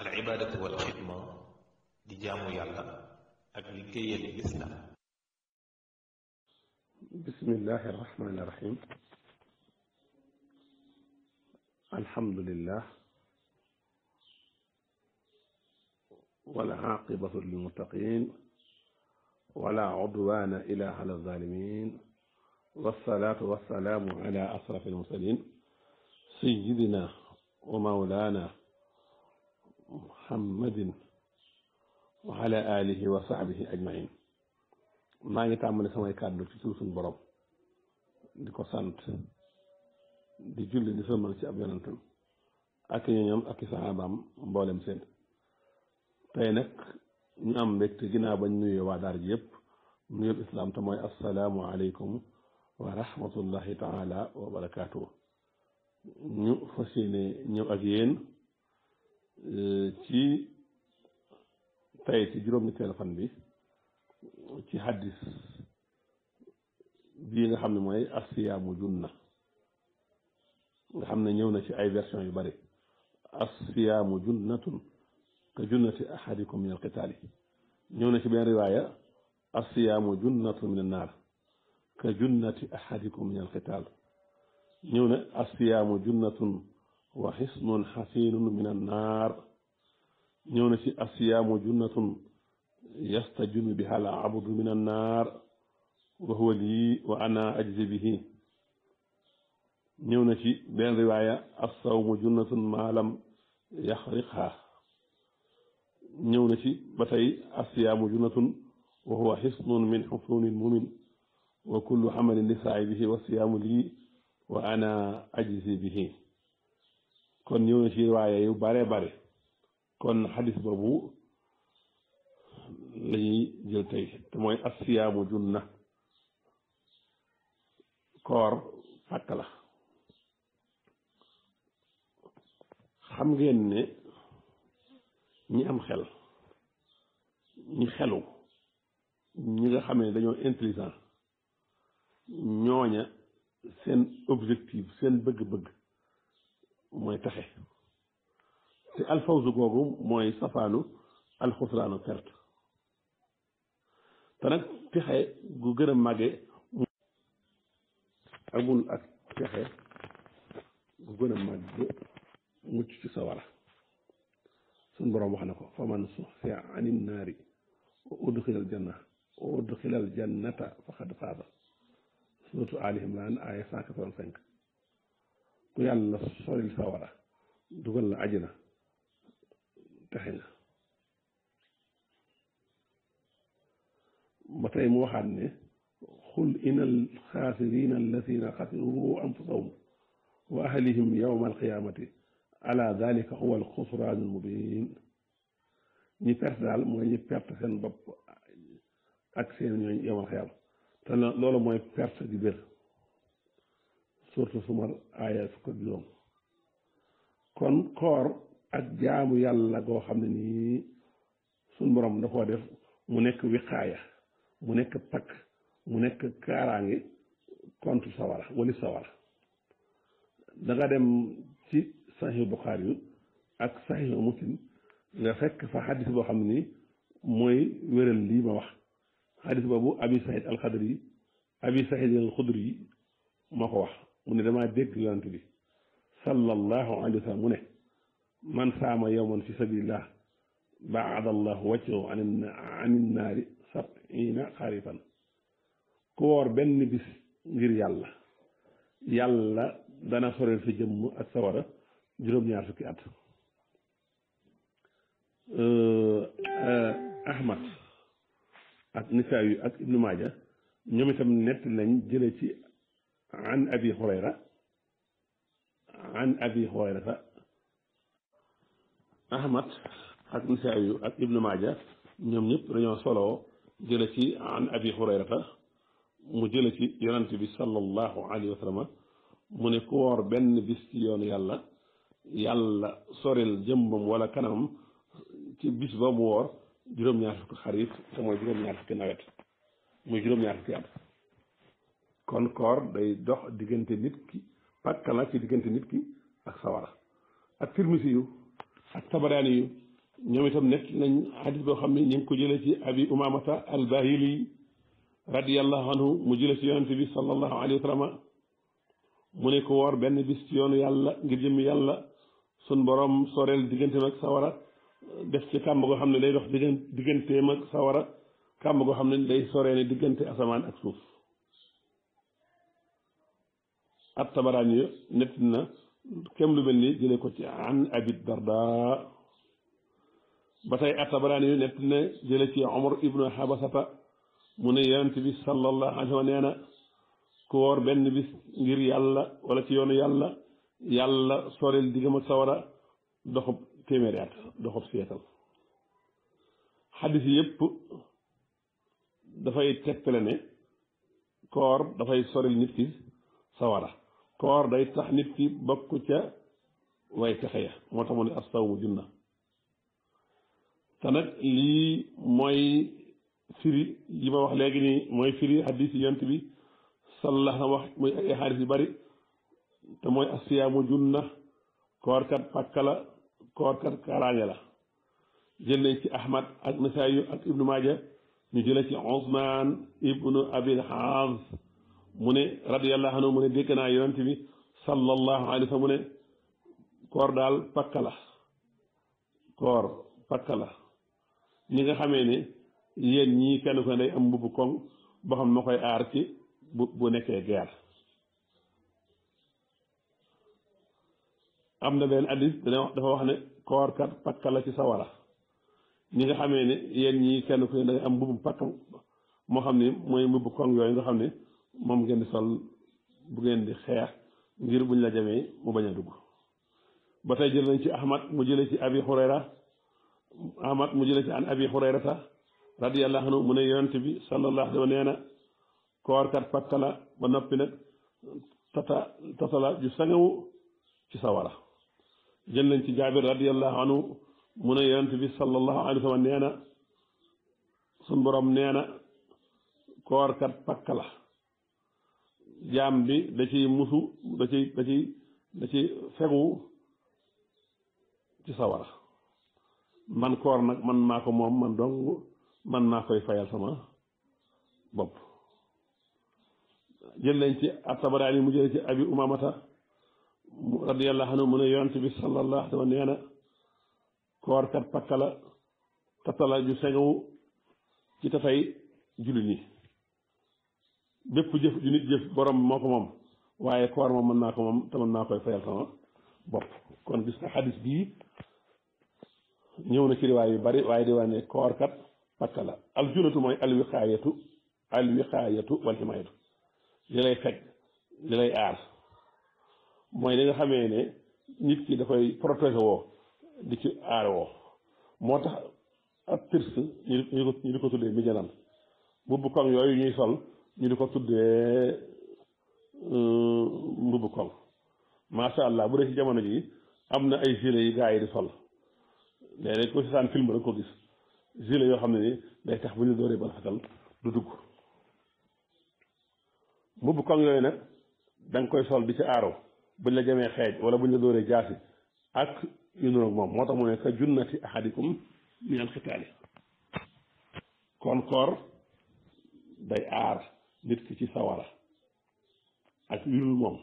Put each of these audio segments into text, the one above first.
al ibaadatu wal xidma di jaamu yàlla ak liggéeyal lislaam bismillahi arrahmani arrahim alhamdulillah wala aaqibatu lilmuttaqin wala udwana ila ala zalimin wasalaatu wasalaamu ala asraf almursalin sayidina wa mawlana muhammadin wa alihi wa sahbihi ajmain maa ngi tàmbali samay kàddu ci tur suñu borom di ko sant di julli di sëlmal ci ab yonantam ak ñoñom ak i saxaabaam mboolem seen tey nag ñu am mbégte ginnaaw bañ nuyoo waa daar ji yëpp nuyoo islaam te mooy aleykum wa rahmatullahi taala wa barakaatu ñu fas ñëw ak yéen Euh, ci tey ci juróom-ñetteelu fan bi ci hadis bii nga xam ne mooy asiyaamu junna nga xam ne ñëw na ci ay version yu bari asiyaamu junnatun ka junnati ahadikum min alqitaali ñëw na ci benn riwaaya asiyaamu junnatun min annaar ka junnati ahadikum min alqitaal ñëw na asiyaamu junnatun wa xisnun xasinun min annaar ñëw na ci assiyaamu junnatun yastajunnu biha al abdu min annaar wa huwa lii wa ana ajzi bihi ñëw na ci benn riwaaya assawmu junnatun maalam yaxriqha ñëw na ci ba tey assiyaamu junnatun wa huwa xisnun min xusunil mumin wa kullu amalin li saahibihi wa siyaamu lii wa ana ajzi bihi kon ñëw na ci riwaaya yu bare bare kon xadis boobu lañuy jël tey te mooy assiyaamu junna koor fàkk la xam ngeen ne ñi am xel ñi xelu ñi nga xam ne dañoo intelligent ñooña seen objectif seen bëgg-bëgg mooy pexe te alfawzu googu mooy safaanu alxusraanu perte te nag gu gën a màgge amul ak pexe gu gën a màgge mucc ci sawara suñ boroom wax na ko faman suxsiya anin naari wa udxilal janna wa udxilal jannata faqad faasa suratu ali imran aya cent quatre cinq ku yàlla soril sawara dugal la ajina texe na ba tey mu waxaat ne xul ina alxaasirina alladina xasiru anfusahum wa ahlihim yowma alqiyamati ala dalika huwa alxusraan almubin ñi perte daal mooy ñi perte seen bopp ak seen ñooñ yowmal xiyama te loolu mooy perte di bér surtout sumar aaya fukk ak juróom kon koor ak jaamu yàlla goo xam ne nii suñ borom da koo def mu nekk wiqaaya mu nekk pakk mu nekk kaaraange contre sawara wali sawara da nga dem ci saxiix buxaari yu ak saxiix muslim nga fekk fa xadis boo xam ne nii mooy wéral lii ma wax xadis boobu abi saïd alxadri yi abi saïd alxudri yi moo ko wax mu ne damaa dégg yonent bi sallallahu alayhi wa mu ne man saama yowman fi sabilillah baada allahu wajhahu anin naari sabina xarifan ku woor benn bis ngir yàlla yàlla dana soreel sa jëmm ak sawara juróom-ñaar fukki at ahmad ak nisaa ak ibnu maaja ñoom itam nett lañ jële ci an abi hurayra an ahmad ak nisaayu ak ibnu maaja ñoom ñëpp dañoo solo jële ci an abi hurayrata mu jële ci yonante bi sallallahu alayhi wa sallam mu ne ku woor benn bis ci yoonu yàlla yàlla soril jëmbam wala kanamam ci bis ba mu woor juróom-ñaar fukki xarit te juróom-ñaar fukki nawet muy juróom-ñaar fukki at kon koor day dox diggante nit ki pàkk la ci diggante nit ki ak sawara ak firmisi yu ak tabaraani ñoom itam nekk nañ hadis boo xam ne ñu ngi ko jëlee ci abi umamata al bahili radiallahu anhu mu jële ci yonente bi sallallahu alayhi wa sallam mu ne ko woor benn bis ci yoonu yàlla ngir jëmm yàlla sun borom soreel diggante ak sawara def ci kàmb goo xam ne day dox digganteem ak sawara kàmb goo xam ne day soree ne diggante asamaan ak suuf at-Tabaraani nett na kem lu mel ni jëlee ko ci an Abi Darda ba tey at-Tabaraani nett na jëlee ci Omar ibnu Habasata mu ne yonent bi sallallahu alayhi wa nee na benn bis ngir yàlla wala ci yoonu yàlla yàlla soreel diggam ak sawara doxub téeméeri at doxub seetal xaddis yépp dafay tegtale ne koor dafay soril nit ki sawara koor day tax nit ki bokk ca way texe ya moo tax mu ne astawmu junna te nag lii mooy firi yi ma wax léegi nii mooy firi hadis yi yont bi sallallahu na wax muy ay xaalis yu bari te mooy asiyaamu junna koor kat pàkka la koor kat kaaraange la jël nañ ci ahmad ak nasaayu ak ibnu maaja ñu jële ci usman ibnu abil haaz mu ne radiyallahu anhu mu ne dégg naa yonent bi sallallahu alayhi wa mu ne koor daal pakk la koor pakk la ñi nga xamee ni yéen ñii kenn ko ne day am mbubb koŋ boo xam koy aar ci bu bu nekkee guerre am na benn hadiis dafa wax ne koor pakk la ci sawara ñi nga xamee ne yéen ñii kenn day am mbubb pakk moo xam ne mooy mbubb koŋ yooyu nga xam ne moom ngeen di sol bu ngeen di xeex ngir buñ la jamee mu bañ a dugg ba tey jël nañ ci ahmad mu jële ci abi xurayra ahmad mu jële ci an abi xurayrata radiyallahu anhu mu ne yonent bi sallallahu alayhi wa nee na koorkat la ba noppi nag tata tata la ju sangawu jël nañ ci jaabir radiyallahu anhu mu ne yonent bi sallallahu alayhi wa sallam sun borom nee na koorkat pakka jaam bi da ciy musu da ci da ciy da ci sawara man koor nag man maa ko moom man dong man maa koy fayal sama bopp jël nañ ci at-Tabaraani ci abi umamata radiyallahu anhu mu ne yonent bi sallallahu alayhi wa sallam koor kat pakka la ju segawu ci tafay jullit ñi bépp jëf ju nit jëf borom moo ko moom waaye koor moom mën naa ko moom te mën naa koy fayal sama bopp kon gis nga xadis bii ñëw na ci riwaay yu bari waaye di wane koor kat pakk la aljunatu mooy alwiqaayatu alwiqaayatu wal himayatu li lay fekk li lay aar mooy li nga xamee ne nit ki dafay protéger woo di ci aar woo moo tax ab pirs ñu ñu ko tuddee mi janam mbubb yooyu ñuy sol ñu di ko tuddee euh, mbubu koŋ macha allah bu dee ci jamono ji am na ay gilet yi gars yi di sol léeg-léeg ko seetaan film rek ko gis gilet yoo xam ne ni day tax bu ñu dooree bal fatal du dugg mbubu koŋ yooyu nag da koy sol di ci aaro buñ la jamee xeej wala buñ la dooree jaasi ak yu noonu moom moo tax mu ne ka junnati ahadikum min alxitaali kon koor day aar nit ki ci sawara ak lul moom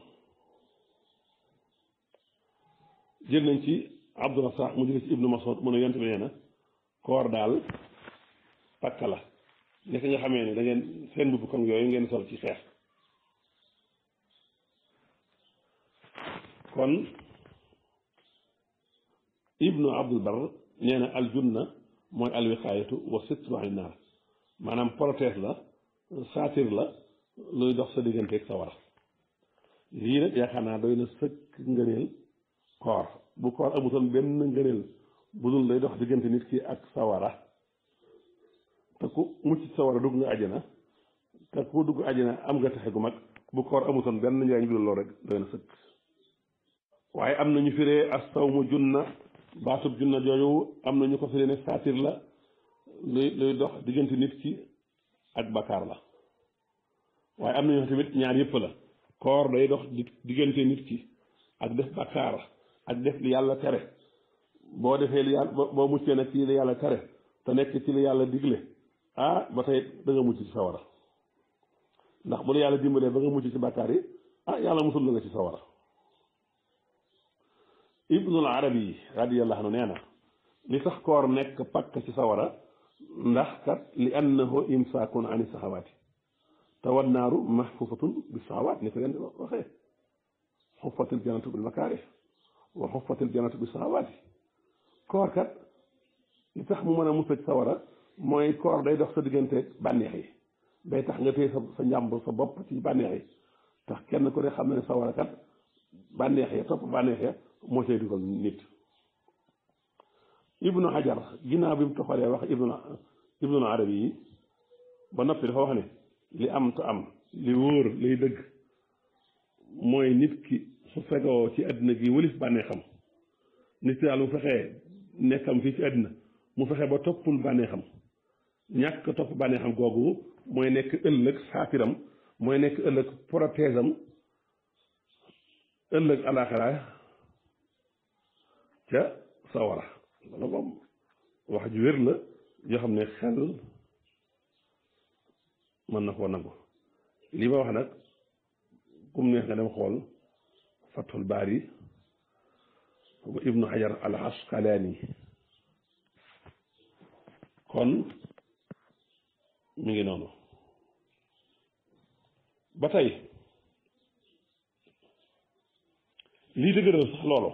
jël nañ ci abdurasaq mu jële ci ibnu masod mu ne yonte bi nee koor daal pakk la nekk nga xamee ne da ngeen seen mbubb kon yooyu ngeen sol ci xeex kon ibnu abdul bar nee aljunna mooy alwiqaayatu wa sitru an naar maanaam protège la saatir la luy dox sa digganteeg sa war lii nag yaakaar naa doy na sëkk ngëneel koor bu koor amutoon benn ngëneel bu dul day dox diggante nit ki ak sawara te ku mucc sawara dugg nga àjjana te ku dugg àjjana am nga texe gu mag bu koor amutoon benn njariñ bu dul lool rek doy na sëkk waaye am na ñu firee as mu junna baatub junna jooju am na ñu ko firee ne saatir la luy luy dox diggante nit ki ak bakkaar la waaye am na ñoo tamit ñaar yëpp la koor day dox diggante nit ki ak def bakkaar ak def li yàlla tere boo defee li yàlla boo muccee nag yàlla tere te nekk ci li yàlla digle ah ba tey da nga mucc ci sawara ndax bu la yàlla dimbalee ba nga mucc ci bakkaar yi ah yàlla musul la nga ci sawara ibnul arabi radiyallahu anhu nee na li tax koor nekk pakk ci sawara ndax kat li annahu imsaakun ani saxawaati te wan naaru mahfufatun bi saxawaat ni ko leen di waxee xuffatil janatu bil makaarih wa xuffatil janatu bi saxawaati koor kat li tax mu mën a musal sawara mooy koor day dox sa diggante bànneex yi day tax nga téye sa sa njàmbur sa bopp ci bànneex yi tax kenn ku ne xam ne sawara kat bànneex ya topp bànneex ya moo cay dugal nit ibnu xajar ginnaaw bi mu toxalee wax ibnu ibnu yi ba noppi dafa wax ne li am te am li wóor liy dëgg mooy nit ki su fegoo ci àddina gi wëlis bànneexam nit ki daal mu fexee nekkam fii ci àddina mu fexe ba toppul bànneexam ñàkk topp bànneexam googu mooy nekk ëllëg saatiram mooy nekk ëllëg protèsam ëllëg alaxira ca sawara loolu moom wax ju wér la yoo xam ne xel mën na koo nangu lii ma wax nag kum neex nga dem xool fathul baari bu ibnu xajar al asqalaani kon mi ngi noonu ba tey lii dëgëral sax loolu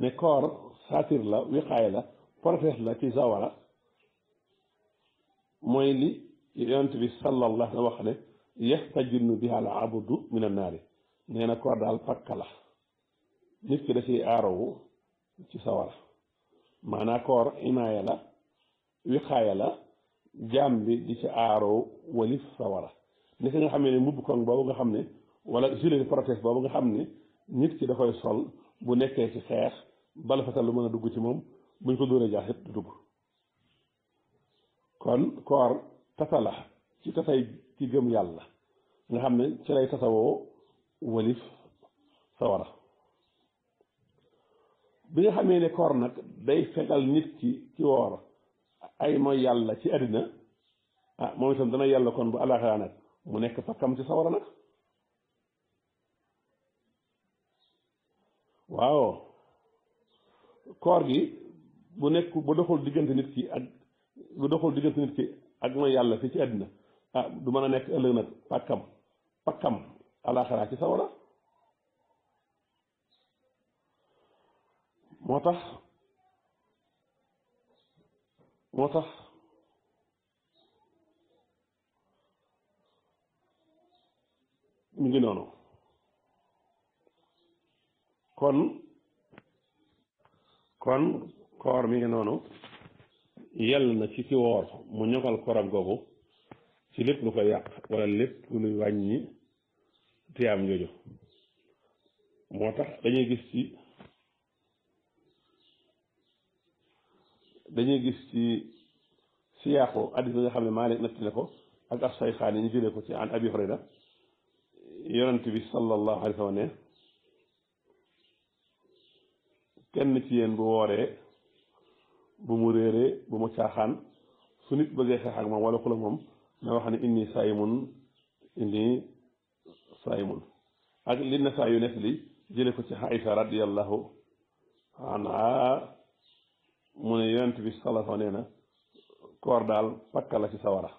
ne koor satir la wiqaay la prophète la ci zawara mooy li yonent bi sallallahu alayhi wax ne yastajinnu biha al abdu min an naari na koor daal pakka la nit ki da ciy aarowu ci sawara maanaa koor inaaya la wiqaaya la jaam bi di ci aaroo walif sawara ni ki nga xam ne mbubb koŋ boobu nga xam ne wala gilet protège boobu nga xam ne nit ki da koy sol bu nekkee ci xeex bala fetal lu mën a dugg ci moom buñ ko dóoree jaax it du dugg kon koor tasa la ci tasay ci gëm yàlla nga xam ne ci lay tasawoo walif sawara bi nga xamee ne koor nag day fegal nit ki ci woor ay mooy yàlla ci àddina ah moom itam dana yàlla kon bu alaxira nag mu nekk fakkam ci sawara nag waaw koor gi bu nekk bu doxul diggante nit ki ak bu doxul diggante nit ki ak mooy yàlla fii ci àddina ah du mën a nekk ëllëg nag pàkkam pàkkam alaaxaraa ci sawara moo tax moo tax mu ngi noonu kon kon koor mi ngi noonu yell na ci ki woor mu ñoŋal koram googu ci lépp lu koy yàq wala lépp luy wàññi tiyaam jooju moo tax dañuy gis ci dañuy gis ci siyaaqu addis bi nga xam ne Maalik netti na ko ak ab sayxaan yi ñu jëlee ko ci an abi Hurayra yonent bi sallallahu alayhi wa sallam ne kenn ci yéen bu wooree bu mu réeree bu mu caaxaan su nit bëggee xeex ak moom wala ku la moom na wax ne indi saayimun inni saayimun ak li na saa yu nekk li jële ko ci Aïsa radiyallahu anha mu ne yonent bi salafa nee na koor daal pakka la ci sawara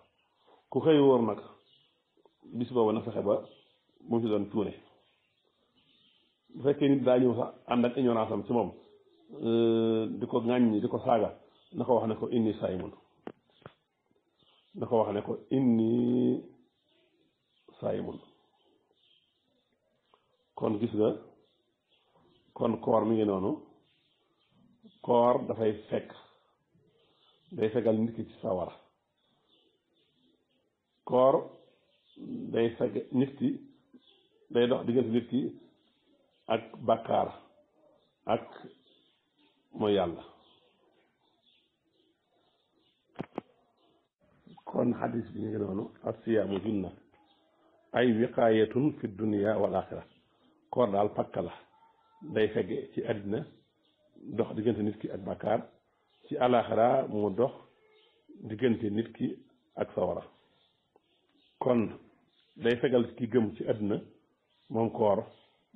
ku xëy wóor nag bis boobu na fexe ba mu ci doon tuune bu fekkee nit daa ñëw sax ànd ak ignorance am ci moom Euh, di ko ŋàññi di ko saaga na ko wax ne ko inni saymun na ko wax ne ko inni saymun kon gis nga kon koor mi ngi noonu koor dafay fekk day fegal nit ki ci sawara koor day fekk nit ki day dox diggante nit ki ak bàkkaar ak mooy yàlla kon xadis bi ñu ngi noonu asiyaamu junna ay wiqaayatun fi dunia wal axira koor daal pakka la day fege ci àddina dox diggante nit ki ak bàkkaar ci alaxira mu dox diggante nit ki ak sawara kon day fegal ki gëm ci àddina moom koor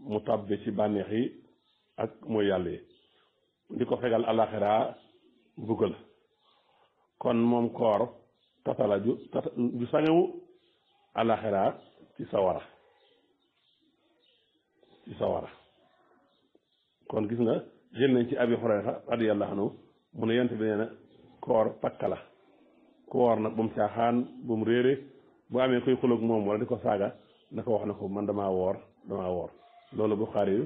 mu tàbbi ci bànneex yi ak mooy yàlla yi di ko fegal alaxira mbugal kon moom koor tatala ju sangewu alaxira ci sawara ci sawara kon gis nga jël nañ ci abi xurayra radiyallahu anhu mu ne yent bi nee na koor pakka la nag bu mu caaxaan bu mu réere bu amee koy xuloog moom wala di ko saaga na ko wax na ko man dama woor damaa woor loolu buxaari yu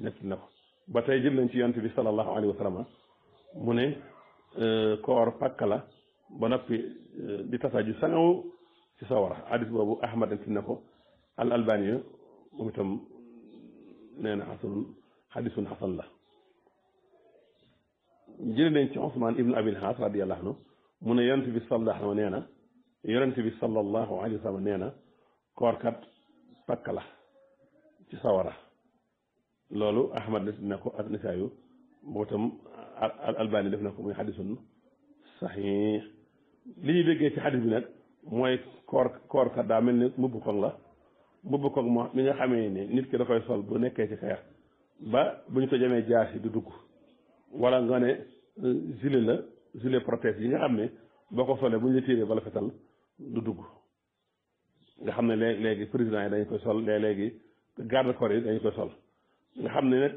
nekk na ko ba tey jël nañ ci yonent bi sallallahu alayhi wa sallam mu ne euh, koor pàkk la ba noppi euh, di tasaaju sangaw ci sawara hadis boobu ahmad an na ko al albani moom itam nee na hadisun xasan la jële nañ ci Usmaan ibnu abil Haas radiyallahu anhu mu ne yonent bi sallallahu na yonent alayhi wa sallam nee na koorkat la ci sawara loolu ahmad nas na ko ak nisaayu moo tam albani def na ko muy sax saxiix li ñuy déggee si xadis bi nag mooy koor koor kat daa mel ni mbubb koŋ la mbubb koŋ moo mi nga xamee ni nit ki da koy sol bu nekkee ci xeex ba bu ñu ko jamee jaasi du dugg wala nga ne euh, gilet la gilet protège yi nga xam ne boo ko solee bu ñu la tiiree bala fetal du dugg nga xam ne léegi léegi président yi dañ koy sol léeg-léegi garde corps yi dañu koy sol nga xam ne nag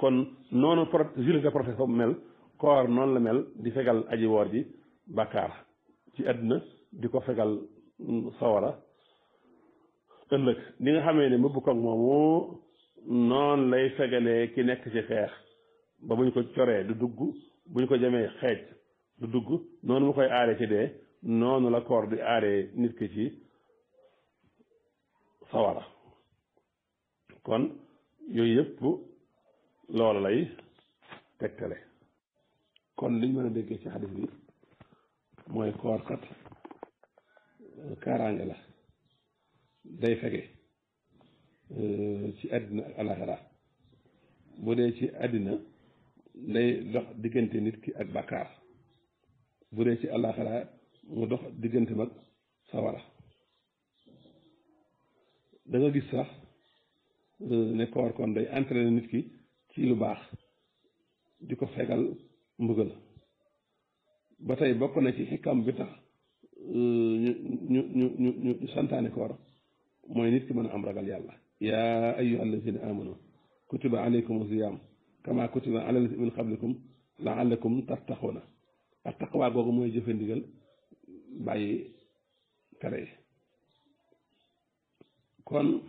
kon noonu pro jullit professeur boobu mel koor noonu la mel di fegal aji woor ji bàkkaar ci àdduna di ko fegal sawara ëllëg li nga xamee ne mëbb koog moomu noonu lay fegalee ki nekk ci xeex ba bu ñu ko coree du dugg bu ñu ko jamee xeej du dugg noonu mu koy aaree ci dee noonu la koor di aaree nit ki ci sawara kon yooyu yëpp loolu lay tegtale kon liñ mën a déggee ci xadis bi mooy koorkat euh, kaaraange la day fege euh, ci àddina ak alaxira bu dee ci àddina day dox diggante nit ki ak bàkkaar bu dee ci alaxira mu dox diggante mag sawara da gis sax ne koor kon day entraîné nit ki ci lu baax di ko fegal mbugal ba tey bokk na ci xikam bi tax euh, ñu ñu ñu ñu ñu santaane koor mooy nit ki mën a am ragal yàlla yaa ayyuha allazina amanu kutiba alaykum siyam kama kutiba ala min qablikum laallakum tattaxuna ak mooy jëfe ndigal bàyyi tere kon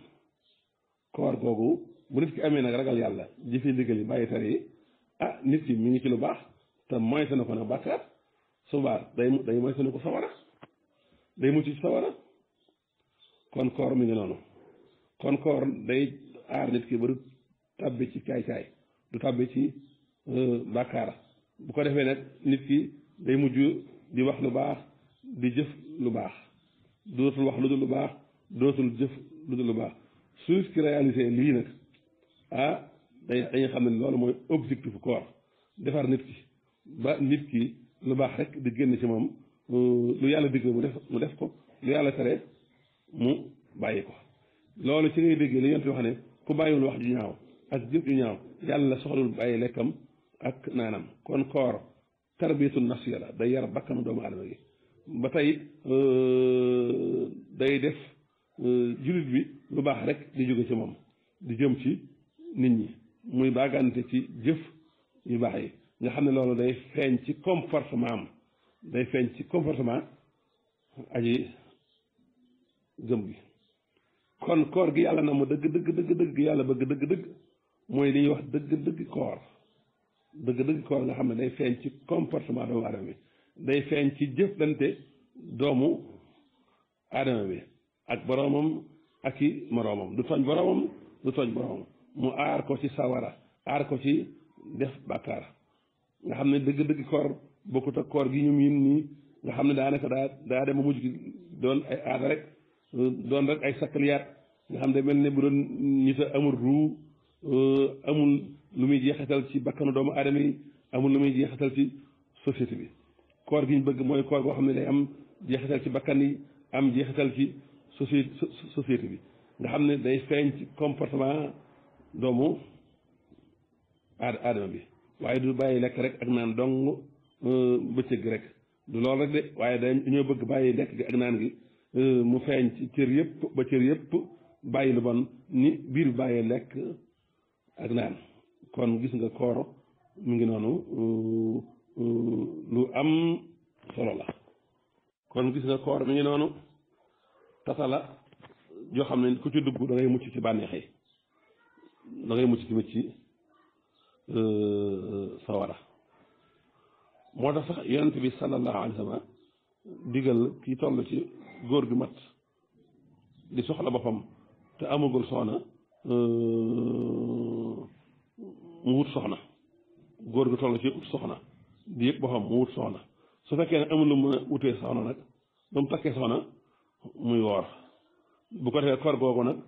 koor googu bu nit ki amee nag ragal yàlla jëfe ndigal yi bàyyi tere yi ah nit ki mi ngi ci lu baax te moytu na ko nag bàkkaar subaar day day moytu na ko sawara day mujj ci sawara kon koor mi ngi noonu kon koor day aar nit ki ba du tàbbi ci kaay-kaay du tàbbi ci euh, bàkkaar bu ko defee nag nit ki day mujj di wax lu baax di jëf lu baax dootul wax lu dul lu baax dootul jëf lu dul lu baax suuf ci réalisé lii nag ah day dañuy xam ne loolu mooy objectif koor defar nit ki ba nit ki lu baax rek di génn ci moom lu yàlla digle mu def mu def ko lu yàlla tere mu bàyyi ko loolu ci ngay déggee li yonent wax ne ku bàyyiwul wax ju ñaaw ak jëf ju ñaaw yàlla soxlu bàyyi lekkam ak naanam kon koor tarbiyatu nafsi la day yar bakkanu doomu aadama gi ba tey euh, day def euh, jullit bi lu baax rek di jóge ci moom di jëm ci nit ñi muy baagante ci jëf yu baax yi nga xam ne loolu day feeñ ci comportement am day feeñ ci comportement aji gëm gi kon koor gi yàlla na mu dëgg dëgg bëgg dëgg dëgg mooy li ñuy wax dëgg dëgg koor nga xam ne day feeñ ci comportement doomu aadama bi day feeñ ci jëflante doomu aadama bi ak boroomam ak i moroomam du tooñ boroomam du tooñ mu aar ko ci sawara aar ko ci def bàkkaar nga xam ne dëgg-dëgg koor bokkut ak koor gi ñu miin nii nga xam ne daanaka daa daa dem ba mujj gi doon ay aada rek doon rek ay sakkaliyaat nga xam ne mel ne bu doon nit a amul ruu euh, amul lu muy jeexatal ci bakkanu doomu aadama amul lu muy jeexatal ci société bi koor gi ñu bëgg mooy koor goo xam ne day am jeexatal ci bakkan yi am jeexatal ci société société bi nga xam ne day feeñ ci comportement doomu aadama bi waaye du bàyyi lekk rek ak naan dong euh, bëccëg rek du loolu rek de waaye dañoo bëgg bàyyi lekk gi ak naan gi euh, mu feeñ ci cër yëpp ba cër yëpp bàyyi lu bon ni biir bàyyi lekk ak naan kon gis nga koor mu ngi noonu euh, lu am solo la kon gis nga koor mi ngi noonu tasala yoo xam ne ku ci dugg da mucc ci bànneex yi da ngay mucc tamit ci euh, sawara moo tax sax yonent bi sallallahu alayhi wa sallam digal ki toll ci góor gi mat di soxla boppam te amagul soxna euh, mu wut soxna góor gi toll ci ut soxna di yëpp boppam mu wut soxna su fekkee ne amul lu mu wutee soxna nag ba takkee soxna muy woor bu ko defee koor googu nag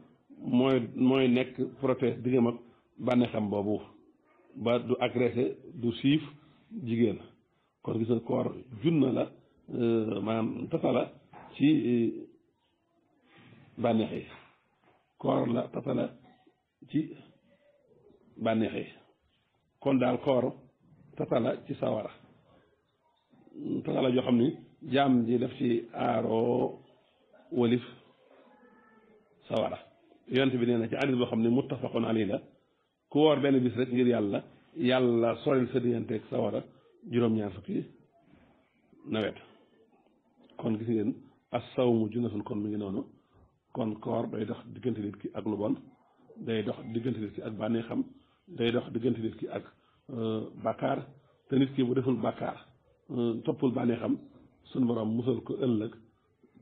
mooy mooy nekk protège diggam ak bànneexam boobu ba du agressé du siif jigéen kon gis nga junna la euh, maanaam tasa euh, ci bànneex yi la tasa ci bànneex kon daal koor tasa ci sawara tasa la ni jaam ji def ci aaroo walif sawara yonent bi nee na ci hadis boo xam ne muttafaqun alayhi la ku woor benn bis rek ngir yàlla yàlla soril sa digganteeg sawara juróom-ñaar fukki nawet kon gis ngeen as sawmu junnatun kon mi ngi noonu kon koor day dox diggante nit ki ak lu bon day dox diggante nit ki ak ki ak euh, bàkkaar te nit ki bu deful bàkkaar euh, toppul bànneexam sunu borom musal ko ëllëg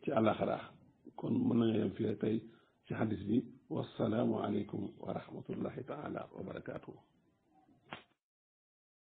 ci àllaaxaraa kon mën nañoo yem fii rek tey ci xadis bi wassalaamu aleykum wa rahmatullahi taala wa barakaatuhu